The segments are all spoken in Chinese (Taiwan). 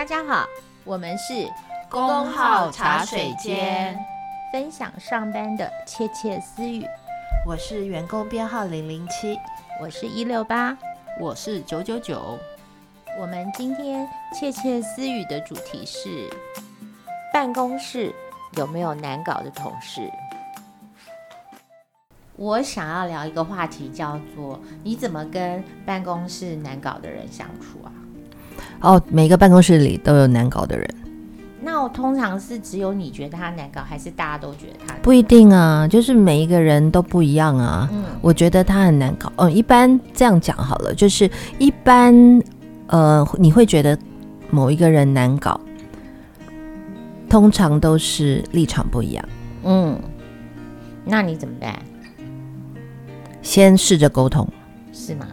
大家好，我們是工號茶水間，分享上班的竊竊私語。我是員工編號零零七，我是一六八，我是九九九。我們今天竊竊私語的主題是辦公室有沒有難搞的同事？我想要聊一個話題，叫做你怎麼跟辦公室難搞的人相處啊？哦，每個辦公室裡都有難搞的人，那我通常是只有你覺得他難搞，還是大家都覺得他難搞？不一定啊，就是每一個人都不一樣啊。嗯，我覺得他很難搞。嗯，哦，一般這樣講好了，就是一般，呃，你會覺得某一個人難搞，通常都是立場不一樣。嗯，那你怎麼辦？先試着溝通，是嗎？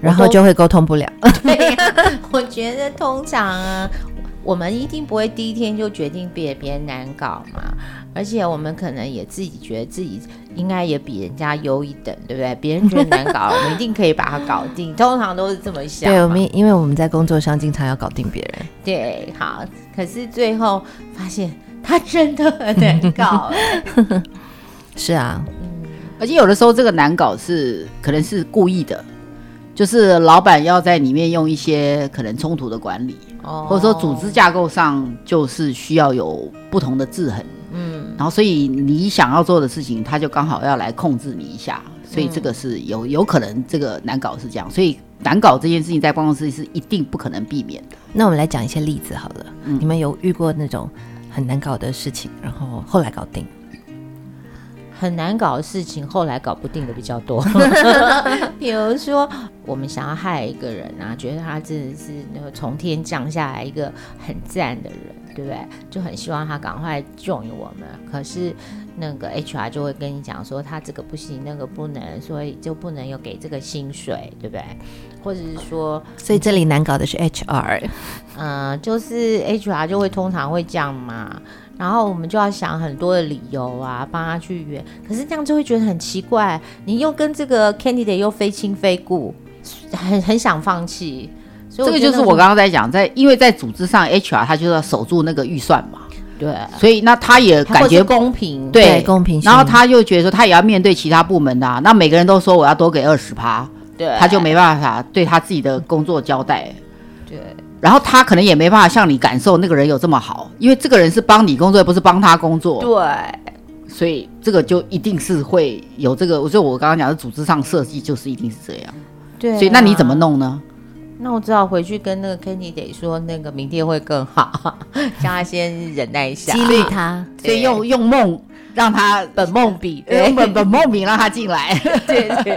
然後就會溝通不了。我對、啊、我覺得通常、啊、我，我們一定不會第一天就決定別別人難搞嘛，而且我們可能也自己覺得自己應該也比人家優一等，對不對？別人覺得難搞， 我們一定可以把它搞定。通常都是這麼想。對，我們因為我們在工作上經常要搞定別人。對，好。可是最後發現他真的很難搞。 是啊，嗯、而且有的時候這個難搞是可能是故意的。就是老闆要在裡面用一些可能衝突的管理，oh. 或者說組織架構上就是需要有不同的制衡，嗯，然後所以你想要做的事情，他就剛好要來控制你一下，所以這個是有、嗯、有，有可能這個難搞是這樣，所以難搞這件事情在辦公室是一定不可能避免的。那我們來講一些例子好了，嗯、你們有遇過那種很難搞的事情，然後後來搞定？很難搞的事情，後來搞不定的比較多。 比如說，我們想要害一個人啊，覺得他真的是那個從天降下來一個很讚的人，對不對？就很希望他趕快 join 我們。可是那個 HR 就會跟你講說，他這個不行，那個不能，所以就不能有給這個薪水，對不對？或者是說，所以這裡難搞的是 HR，嗯，就是 HR 就會通常會這樣嘛。然後我們就要想很多的理由啊，幫他去約。可是這樣就會覺得很奇怪，你又跟這個 candidate 又非親非故，很很想放棄。所以這個就是我剛剛在講，在因為在組織上 HR 他就要守住那個預算嘛。對。所以那他也感覺公平，對，對，對，公平。然後他就覺得說他也要面對其他部門的、啊，那每個人都說我要多給二十趴，對，他就沒辦法對他自己的工作交代。對。然後他可能也沒辦法像你感受那個人有這麼好，因為這個人是幫你工作，也不是幫他工作。對，所以這個就一定是會有這個，所以我剛剛講的組織上設計就是一定是這樣。對、啊，所以那你怎麼弄呢？那我只好回去跟那個 Kenny 得說，那個明天會更好，叫 他先忍耐一下， 激勵他，所以用用夢讓他本夢比對用本本夢比讓他進來。對,對對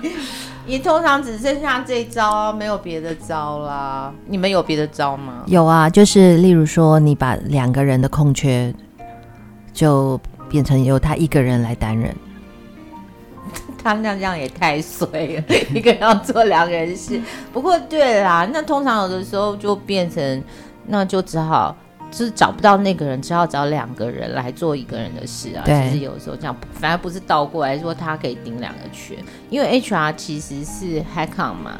對。 你通常只剩下這一招，沒有別的招啦。你們有別的招嗎？有啊，就是例如說，你把兩個人的空缺就變成由他一個人來擔任。他那樣也太衰了， 一個人要做兩個人事。不過對啦、啊，那通常有的時候就變成，那就只好。就是找不到那個人，只好找兩個人來做一個人的事啊。對其實有時候這樣，反而不是倒過來是說他可以頂兩個缺。因為 HR 其實是 headcount 嘛。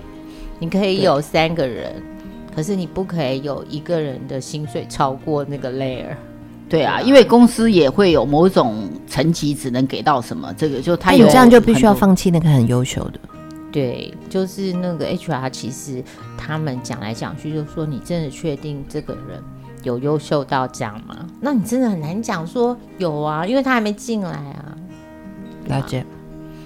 你可以有三個人，對可是你不可以有一個人的薪水超過那個 layer。對啊，對啊，因為公司也會有某種層級，只能給到什麼。這個就他有你這樣，就必須要放棄那個很優秀的。對，就是那個 HR，其實他們講來講去就說，你真的確定這個人？有優秀到這樣嗎？那你真的很難講說有啊，因為他還沒進來啊。了解，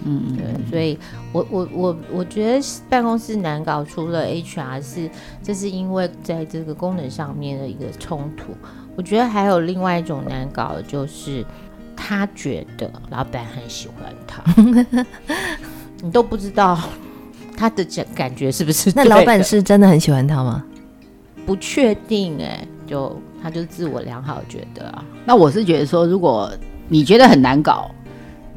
嗯，嗯，嗯，對，所以我我我我覺得辦公室難搞，除了 HR 是，這是因為在這個功能上面的一個衝突。我覺得還有另外一種難搞，就是他覺得老闆很喜歡他， 你都不知道他的感覺是不是？那老闆是真的很喜歡他嗎？ 不確定、欸，哎。就他就是自我良好覺得啊，那我是覺得說，如果你覺得很難搞，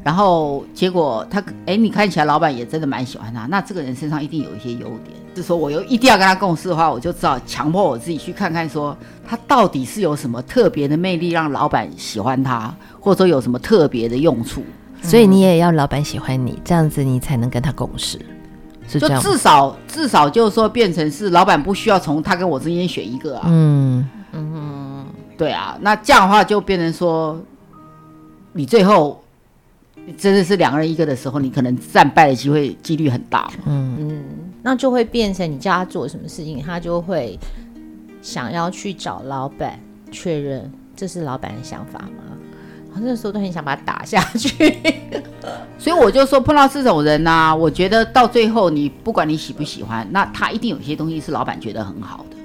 然後結果他哎，你看起來老闆也真的蠻喜歡他，那這個人身上一定有一些優點。是說我又一定要跟他共事的話，我就只好強迫我自己去看看說，說他到底是有什麼特別的魅力讓老闆喜歡他，或者說有什麼特別的用處。所以你也要老闆喜歡你，這樣子你才能跟他共事。就至少至少就是說變成是老闆不需要從他跟我之間選一個啊。嗯。嗯，對啊，那這樣的話就變成說，你最後你真的是兩個人一個的時候，你可能戰敗的機會幾率很大嘛。嗯，那就會變成你叫他做什麼事情，他就會想要去找老板確認，這是老板的想法嗎？我、啊、那時候都很想把他打下去。 所以我就說碰到這種人呢、啊，我覺得到最後你不管你喜不喜歡，那他一定有些東西是老板覺得很好的。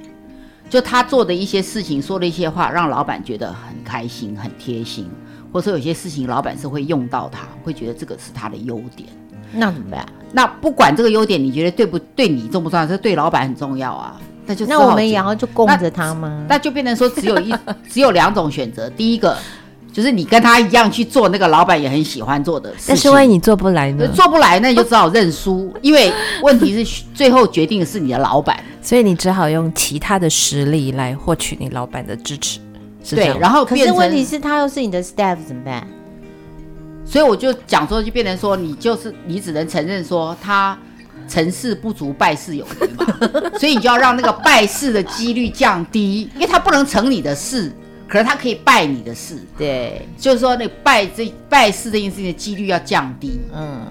就他做的一些事情，說的一些話，讓老闆覺得很開心、很貼心，或者說有些事情老闆是會用到他，會覺得這個是他的優點。那怎麼辦？嗯、那不管這個優點，你覺得對不對，你重不重要？這對老闆很重要啊。那就，就那我們也要就供着他嗎那？那就變成說只有一 只有兩種選擇，第一個就是你跟他一樣去做那個老闆也很喜歡做的事。但是因為你做不來呢？做不來，那就只好認輸。 因為問題是最後決定的是你的老闆。所以你只好用其他的實力來獲取你老闆的支持，是不是？對。然後，可是問題是他又是你的 staff 怎麼辦？所以我就講說，就變成說，你就是你只能承認說他成事不足敗事有餘嘛。 所以你就要讓那個敗事的幾率降低，因為他不能成你的事，可是他可以敗你的事。對， 就是說那敗這敗事這件事情的幾率要降低。嗯，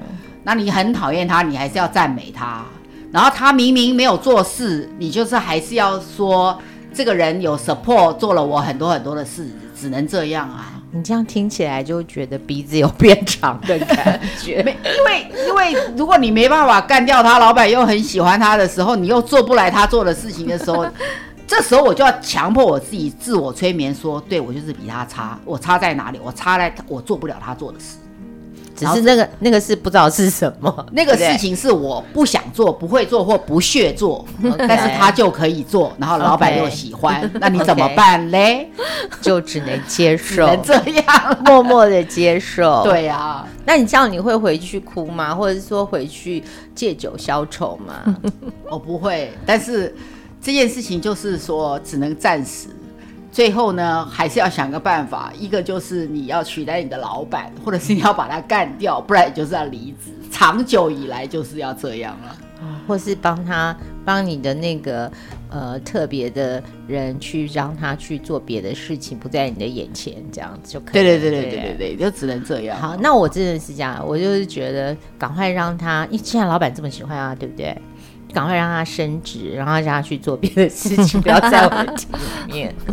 那你很討厭他，你還是要讚美他。然後他明明沒有做事，你就是還是要說這個人有 support 做了我很多很多的事，只能這樣啊。你這樣聽起來就覺得鼻子有變長的感覺。 因為因為如果你沒辦法幹掉他，老板又很喜歡他的時候，你又做不來他做的事情的時候， 這時候我就要強迫我自己自我催眠說，對，我就是比他差，我差在哪裡？我差在，我做不了他做的事。只是那個後那個是不知道是什麼，那個事情是我不想做，對不對？不會做或不屑做，Okay. 但是他就可以做，然後老闆又喜歡，Okay. 那你怎麼辦嘞？ 就只能接受，只能這樣，默默的接受。 對啊，那你這樣你會回去哭嗎？或者是說回去借酒消愁嗎？ 我不會，但是這件事情就是說只能暫時。最後呢，還是要想個辦法，一個就是你要取代你的老板，或者是你要把他幹掉，不然你就是要離職。長久以來就是要這樣了，啊，或是幫他幫你的那個呃特別的人去讓他去做別的事情，不在你的眼前，這樣子就可以。對對對對對對，對，對，對，對就只能這樣。好，那我真的是這樣，我就是覺得趕快讓他，因為既然老板這麼喜歡啊，對不對？趕快讓他升職，然後讓他去做別的事情，不要在我的體面。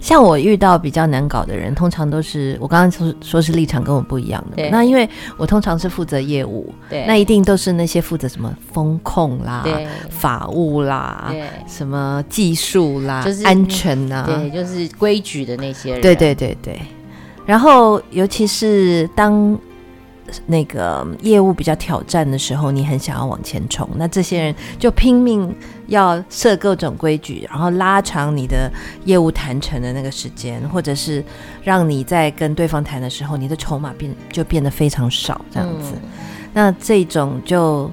像我遇到比較難搞的人，通常都是我剛剛說說是立場跟我不一樣的。對那因為我通常是負責業務，對那一定都是那些負責什麼風控啦、對法務啦、對什麼技術啦、就是、安全吶、啊，對，就是規矩的那些人。對，對對對對，然後尤其是當那個業務比較挑戰的時候，你很想要往前衝，那這些人就拼命要設各種規矩，然後拉長你的業務談成的那個時間，或者是讓你在跟對方談的時候，你的籌碼變就變得非常少，這樣子。嗯、那這種就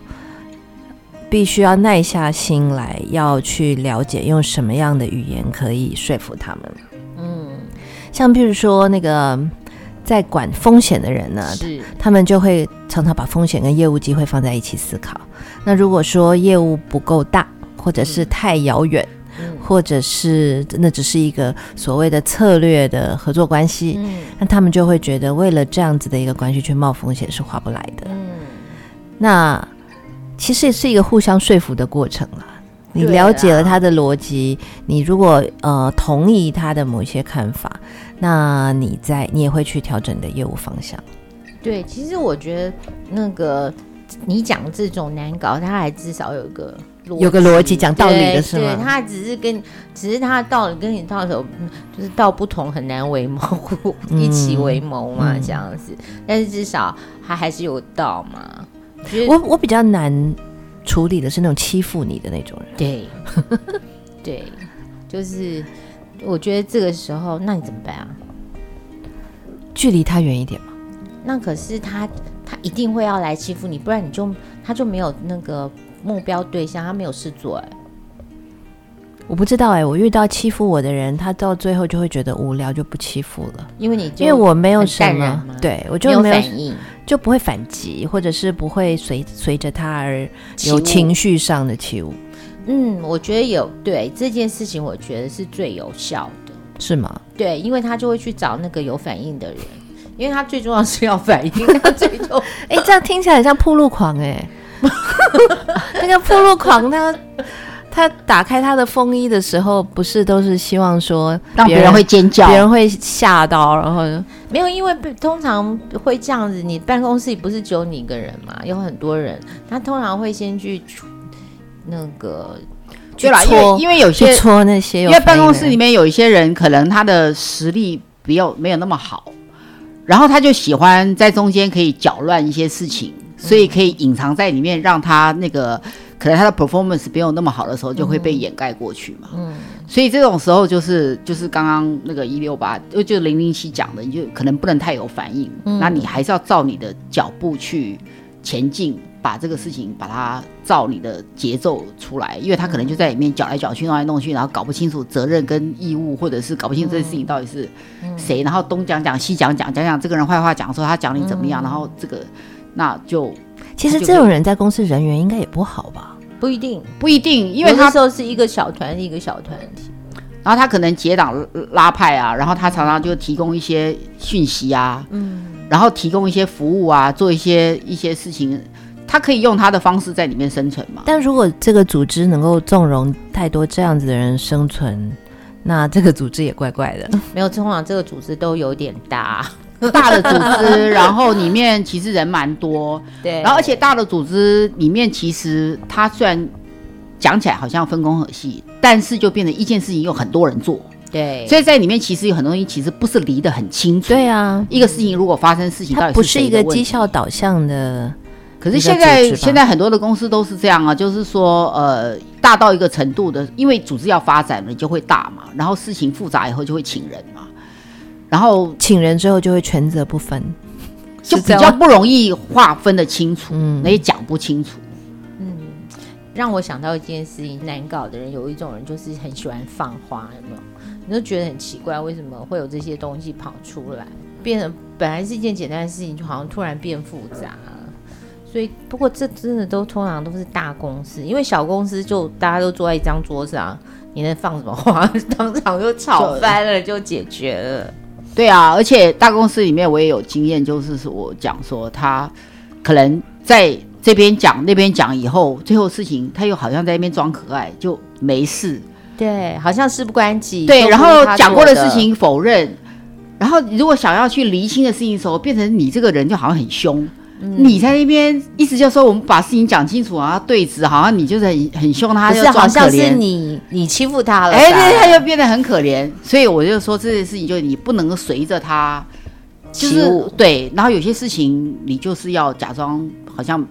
必須要耐下心來，要去了解用什麼樣的語言可以說服他們。嗯，像比如說那個。在管風險的人呢，是他們就會常常把風險跟業務機會放在一起思考。那如果說業務不夠大，或者是太遙遠，嗯、或者是那只是一個所謂的策略的合作關係，嗯、那他們就會覺得為了這樣子的一個關係去冒風險是划不來的。嗯、那其實也是一個互相說服的過程了、啊。你了解了他的邏輯，啦你如果呃同意他的某一些看法，那你在你也會去調整你的業務方向。對，其實我覺得那個你講這種難搞，他還至少有一個邏輯，有個邏輯講道理的時候。對，他只是跟只是他道理跟你道手就是道不同，很難為謀，嗯、 一起為謀嘛、嗯、這樣子。但是至少他還是有道嘛。就是、我我比較難。處理的是那種欺負你的那種人，對， 對，就是我覺得這個時候，那你怎麼辦啊？距離他遠一點嘛。那可是他，他一定會要來欺負你，不然你就他就沒有那個目標對象，他沒有事做。哎，我不知道哎、欸，我遇到欺負我的人，他到最後就會覺得無聊，就不欺負了。因為你因為我沒有什麼，對我就沒有反應。就不會反擊，或者是不會隨隨着他而有情緒上的起舞。嗯，我覺得有對這件事情，我覺得是最有效的。是嗎？對，因為他就會去找那個有反應的人， 因為他最重要是要反應。 他最重要，哎、 欸，這樣聽起來很像暴露狂哎、欸，那個暴露狂他。他打開他的風衣的時候，不是都是希望說讓別人，人會尖叫，別人會嚇到，然後沒有，因為通常會這樣子。你辦公室裡不是只有你一個人嘛？有很多人，他通常會先去那個就搓，因為因為有些搓那些，因為辦公室裡面有一些人可能他的實力比較沒有那麼好，然後他就喜歡在中間可以攪亂一些事情，所以可以隱藏在裡面，讓他那個。嗯可能他的 performance 沒有那麼好的時候，就會被掩蓋過去嘛。嗯，嗯，所以這種時候就是就是剛剛那個一六八，就就零零七講的，你就可能不能太有反應。嗯，那你還是要照你的腳步去前進，把這個事情把它照你的節奏出來，因為他可能就在裡面攪來攪去，弄來弄去，然後搞不清楚責任跟義務，或者是搞不清楚這件事情到底是誰，嗯嗯、然後東講講西講講，講講這個人壞話講，講說他講你怎麼樣，嗯、然後這個那就。其實這種人在公司人緣應該也不好吧？不一定，不一定，因為他有時候是一個小團體，一個小團體，然後他可能結黨拉派啊，然後他常常就提供一些訊息啊，嗯，然後提供一些服務啊，做一些一些事情，他可以用他的方式在裡面生存嘛。但如果這個組織能夠縱容太多這樣子的人生存，那這個組織也怪怪的。沒有，通常這個組織都有點大。 大的組織，然後裡面其實人蠻多，對。然後而且大的組織裡面，其實它雖然講起來好像分工很細，但是就變成一件事情有很多人做，對。所以在裡面其實有很多東西其實不是離得很清楚，對啊。一個事情如果發生事情是，嗯，它不是一個績效導向的，的。可是現在現在很多的公司都是這樣啊，就是說呃大到一個程度的，因為組織要發展了就會大嘛，然後事情複雜以後就會請人嘛。然後請人之後就會權責不分，就比較不容易劃分得清楚，也講不清楚。嗯，讓我想到一件事情，難搞的人有一種人就是很喜歡放話，有沒有？你就覺得很奇怪，為什麼會有這些東西跑出來？變得本來是一件簡單的事情，就好像突然變複雜。所以，不過這真的都通常都是大公司，因為小公司就大家都坐在一張桌上，你能放什麼話，當場就吵翻了，了就解決了。對啊，而且大公司裡面我也有經驗，就是說我講說他，可能在這邊講那邊講以後，最後事情他又好像在那邊裝可愛就沒事，對，好像事不關己。對，然後講過的事情否認，然後如果想要去釐清的事情的時候，變成你這個人就好像很凶。嗯、你在那邊意思就是說，我們把事情講清楚，然後對峙，好像你就是很很兇，他就好像是你你欺負他了，哎誒，案對，他又變得很可憐，所以我就說這件事情，就你不能隨着他，悟就是對，然後有些事情你就是要假裝好像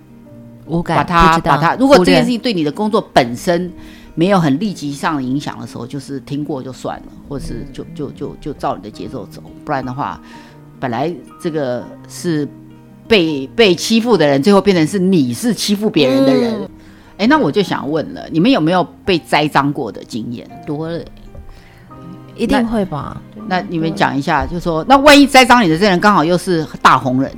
我感覺，他把他，把他如果這件事情對你的工作本身沒有很立即上的影響的時候，對就是聽過就算了，或者是就就就就照你的節奏走，不然的話，本來這個是。被被欺負的人，最後變成是你是欺負別人的人。哎，嗯，欸，那我就想問了，你們有沒有被栽贓過的經驗？多了，一定會吧？那，多了，那你們講一下，就說那萬一栽贓你的這人剛好又是大紅人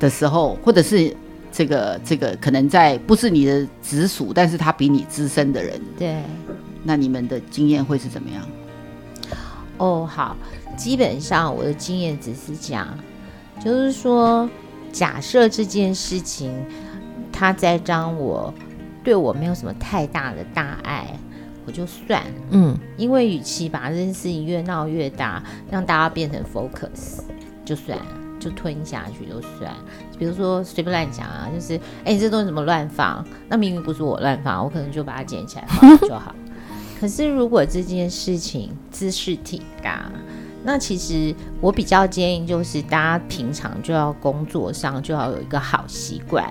的時候，嗯，或者是這個這個可能在不是你的直屬，但是他比你資深的人，對，那你們的經驗會是怎麼樣？哦，好，基本上我的經驗只是講。就是說，假設這件事情它栽贓我對我沒有什麼太大的大礙，我就算，嗯，因為與其把這件事情越鬧越大，讓大家變成 focus，就算就吞下去就算。比如說隨便亂講啊，就是哎，欸、你這東西怎麼亂放？那明明不是我亂放，我可能就把它撿起來放就好。 可是如果這件事情茲事體大、啊。那其實我比較建議，就是大家平常就要工作上就要有一個好習慣，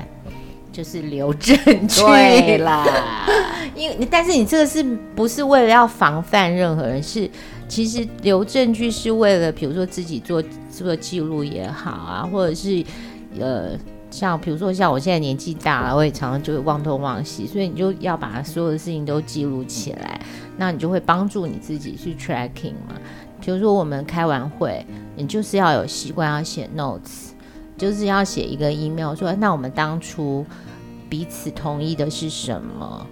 就是留證據啦。 因為，但是你這個是不是為了要防範任何人？是，其實留證據是為了，比如說自己做做記錄也好啊，或者是呃，像比如說像我現在年紀大了，我也常常就會忘東忘西，所以你就要把所有的事情都記錄起來，嗯、那你就會幫助你自己去 tracking 嘛。比如說，我們開完會，你就是要有習慣要寫 notes，就是要寫一個 email 說，那我們當初彼此同意的是什麼，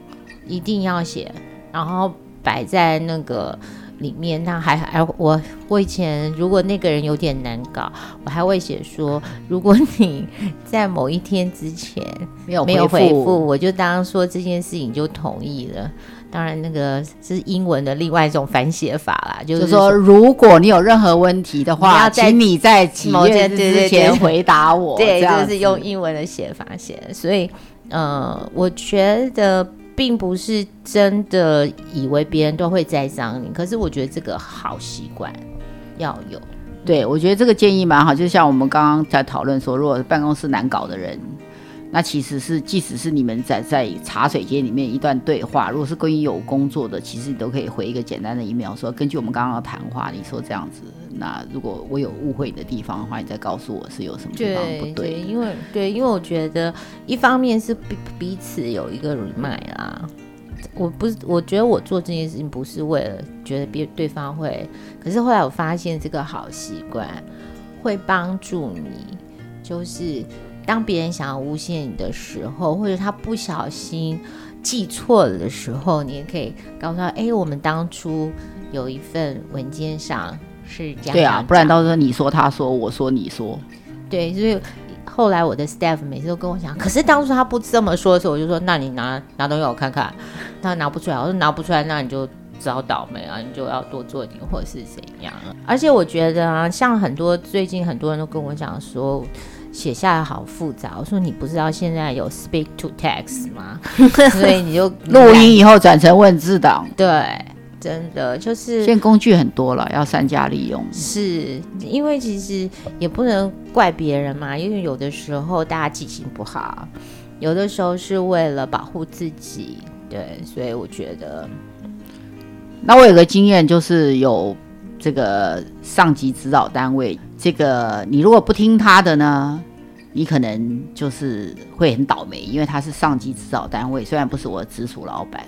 一定要寫，然後擺在那個裡面。那還還，我我以前如果那個人有點難搞，我還會寫說，如果你在某一天之前沒有回覆，回覆我就當說這件事情就同意了。當然，那個是英文的另外一種反寫法啦，就是說，說如果你有任何問題的話，你請你在幾月之前回答我。對，對，對，對，對，就是用英文的寫法寫。所以，呃，我覺得並不是真的以為別人都會栽贓你，可是我覺得這個好習慣要有。對，我覺得這個建議蠻好，就像我們剛剛在討論說，如果辦公室難搞的人。那其實是，即使是你們在在茶水間裡面一段對話，如果是關於有工作的，其實你都可以回一個簡單的 email 說，根據我們剛剛的談話，你說這樣子。那如果我有誤會的地方的話，你再告訴我是有什麼地方不對？對，對。因為對，因為我覺得一方面是彼彼此有一個人脈啦。我不是，我覺得我做這件事情不是為了覺得別對方會，可是後來我發現這個好習慣會幫助你，就是。當別人想要誣陷你的時候，或者他不小心記錯了的時候，你也可以告訴他：“哎，我們當初有一份文件上是這樣講講。”對啊，不然到時候你說他說我說你說，對。所以後來我的 staff 每次都跟我講，可是當初他不這麼說的時候，我就說：“那你拿拿東西我看看。”他拿不出來，我說：“拿不出來，那你就只好倒霉啊，你就要多做點，或者是怎樣。”而且我覺得啊，像很多最近很多人都跟我講說。寫下來好複雜，我說你不知道現在有 Speak to Text 嗎？ 所以你就錄音以後轉成文字檔。對，真的就是。現在工具很多了，要善加利用。是，因為其實也不能怪別人嘛，因為有的時候大家記性不好，有的時候是為了保護自己，對，所以我覺得。那我有個經驗，就是有這個上級指導單位。這個你如果不聽他的呢，你可能就是會很倒霉，因為他是上級指導單位，雖然不是我的直屬老闆，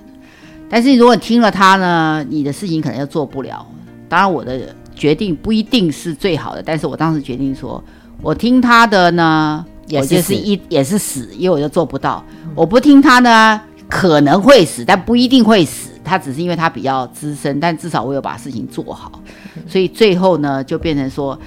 但是如果聽了他呢，你的事情可能就做不了。當然我的決定不一定是最好的，但是我當時決定說，我聽他的呢，也就是一也是死，因為我就做不到。我不聽他呢，可能會死，但不一定會死。他只是因為他比較資深，但至少我有把事情做好，所以最後呢，就變成說。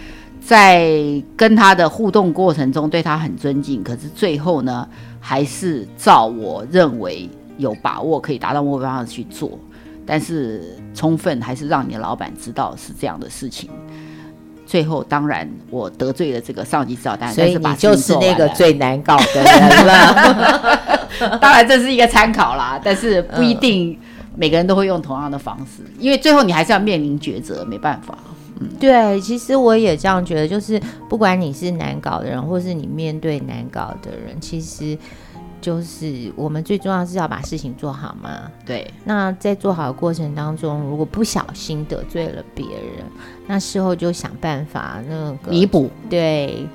在跟他的互動過程中，對他很尊敬，可是最後呢，還是照我認為有把握可以達到目標方式去做。但是充分還是讓你的老闆知道是這樣的事情。最後當然我得罪了這個上級，照單。所以你就是那個最難搞的人了。 當然這是一個參考啦，但是不一定每個人都會用同樣的方式，因為最後你還是要面臨抉擇，沒辦法。嗯。對，其實我也這樣覺得，就是不管你是難搞的人，或是你面對難搞的人，其實就是我們最重要的是要把事情做好嘛。對，那在做好的過程當中，如果不小心得罪了別人，那事後就想辦法那個彌補。對，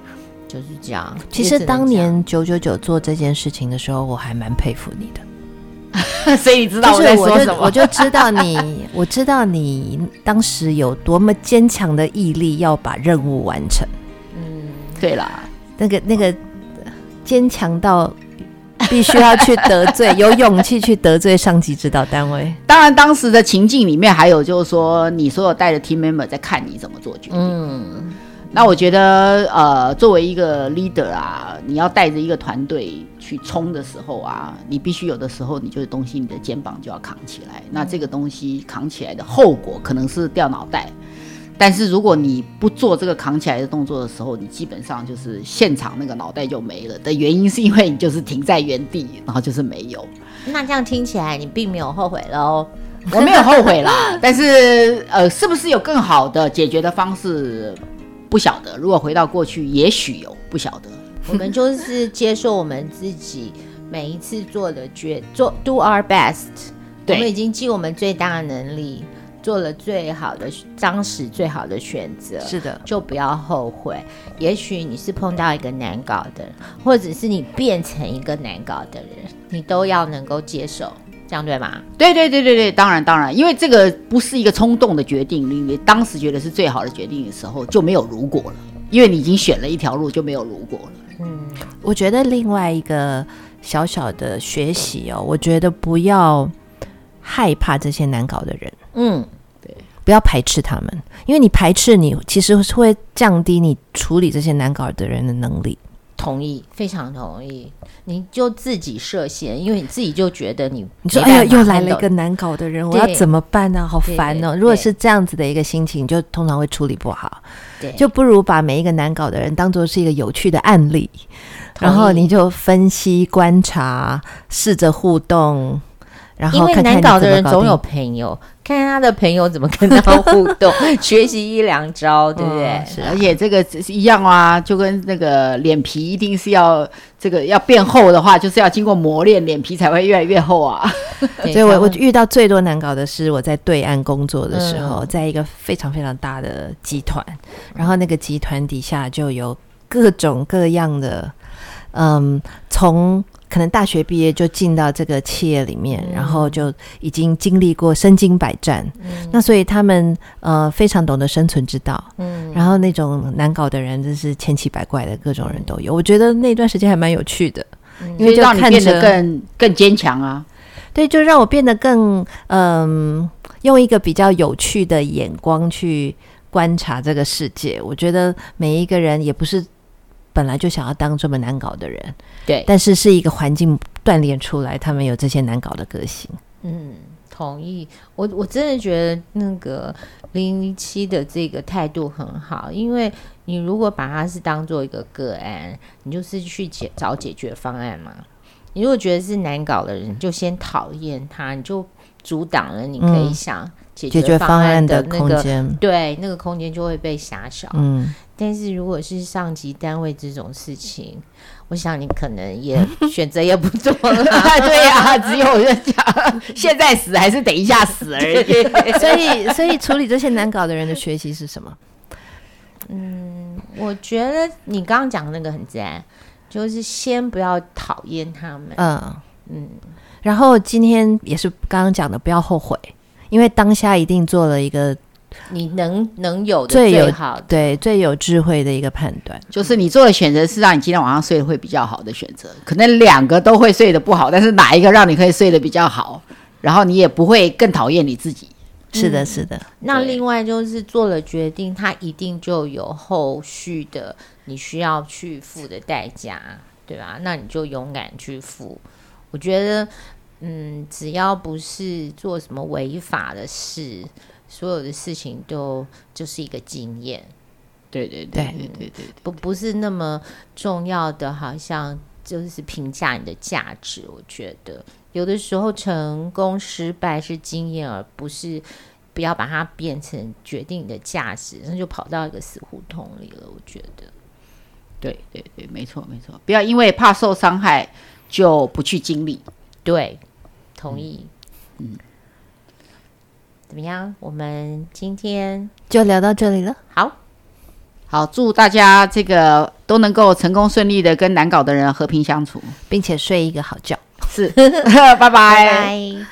就是這樣。其實當年九九九做這件事情的時候，我還蠻佩服你的。 所以你知道我在說什麼，我就知道你， 我知道你當時有多麼堅強的毅力要把任務完成。嗯，對了，那個，那個那個堅強到必須要去得罪， 有勇氣去得罪上級指導單位。當然，當時的情境裡面還有就是說，你所有帶着 team member 在看你怎麼做決定。嗯那我覺得，呃，作為一個 leader 啊，你要帶着一個團隊去衝的時候啊，你必須有的時候，你就是東西，你的肩膀就要扛起來。那這個東西扛起來的後果可能是掉腦袋，但是如果你不做這個扛起來的動作的時候，你基本上就是現場那個腦袋就沒了。的原因是因為你就是停在原地，然後就是沒有。那這樣聽起來你並沒有後悔咯？ 我沒有後悔啦，但是，呃，是不是有更好的解決的方式？不曉得，如果回到過去，也許有不曉得。我們就是接受我們自己每一次做的決做，do our best 對。我們已經盡我們最大的能力，做了最好的當時最好的選擇。是的，就不要後悔。也許你是碰到一個難搞的人，或者是你變成一個難搞的人，你都要能夠接受。這樣對吧？對對對對對，當然當然，因為這個不是一個衝動的決定，你當時覺得是最好的決定的時候就沒有如果了，因為你已經選了一條路就沒有如果了。嗯，我覺得另外一個小小的學習哦，我覺得不要害怕這些難搞的人，嗯，對，不要排斥他們，因為你排斥你其實會降低你處理這些難搞的人的能力。同意，非常同意。你就自己設限，因為你自己就覺得你，你說哎呀，又來了一個難搞的人，對我要怎麼辦呢、啊？好煩哦、啊！對對對對，如果是這樣子的一個心情，對你就通常會處理不好。對，就不如把每一個難搞的人當做是一個有趣的案例，對然後你就分析、觀察、試着互動，然後看看你怎麼搞定，因為難搞的人總有朋友。看看他的朋友怎麼跟他互動， 學習一兩招， 對不對？是，而且這個是一樣啊，就跟那個臉皮一定是要這個要變厚的話，就是要經過磨練，臉皮才會越來越厚啊。 對 所以我我遇到最多難搞的是我在對岸工作的時候，嗯、在一個非常非常大的集團，然後那個集團底下就有各種各樣的，嗯，從。可能大學畢業就進到這個企業裡面，然後就已經經歷過身經百戰，嗯、那所以他們呃非常懂得生存之道，嗯，然後那種難搞的人就是千奇百怪的各種人都有，我覺得那段時間還蠻有趣的，因為、嗯、就看變得更更堅強啊，對，就讓我變得更嗯、呃，用一個比較有趣的眼光去觀察這個世界，我覺得每一個人也不是。本來就想要當這麼難搞的人，對，但是是一個環境鍛鍊出來，他們有這些難搞的個性。嗯，同意。我我真的覺得那個零零七的這個態度很好，因為你如果把他是當做一個個案，你就是去解找解決方案嘛。你如果覺得是難搞的人，就先討厭他，你就阻擋了你可以想解決方案的空間。對，那個空間就會被狹小。嗯。但是如果是上級單位這種事情，我想你可能也選擇也不做了。 對呀、啊，只有我在講，現在死還是等一下死而已。所以，所以處理這些難搞的人的學習是什麼？嗯，我覺得你剛剛講的那個很自然，就是先不要討厭他們。嗯嗯，嗯然後今天也是剛剛講的，不要後悔，因為當下一定做了一個。你能能有的最好的最有，對，最有智慧的一個判斷，就是你做的選擇是讓你今天晚上睡得會比較好的選擇。嗯，可能兩個都會睡得不好，但是哪一個讓你可以睡得比較好，然後你也不會更討厭你自己。嗯，是的，是的，是的。那另外就是做了決定，對它一定就有後續的你需要去付的代價，對吧？那你就勇敢去付。我覺得，嗯，只要不是做什麼違法的事。所有的事情都就是一個經驗，對對對對對對，不不是那麼重要的，好像就是評價你的價值。我覺得有的時候成功失敗是經驗，而不是，不要把它變成決定你的價值，那就跑到一個死胡同裡了。我覺得，對對，對對，沒錯沒錯，不要因為怕受傷害就不去經歷。對，同意，嗯。嗯怎麼樣？我們今天就聊到這裡了。好，好，祝大家這個都能夠成功順利的跟難搞的人和平相處，並且睡一個好覺。是，拜拜，拜拜。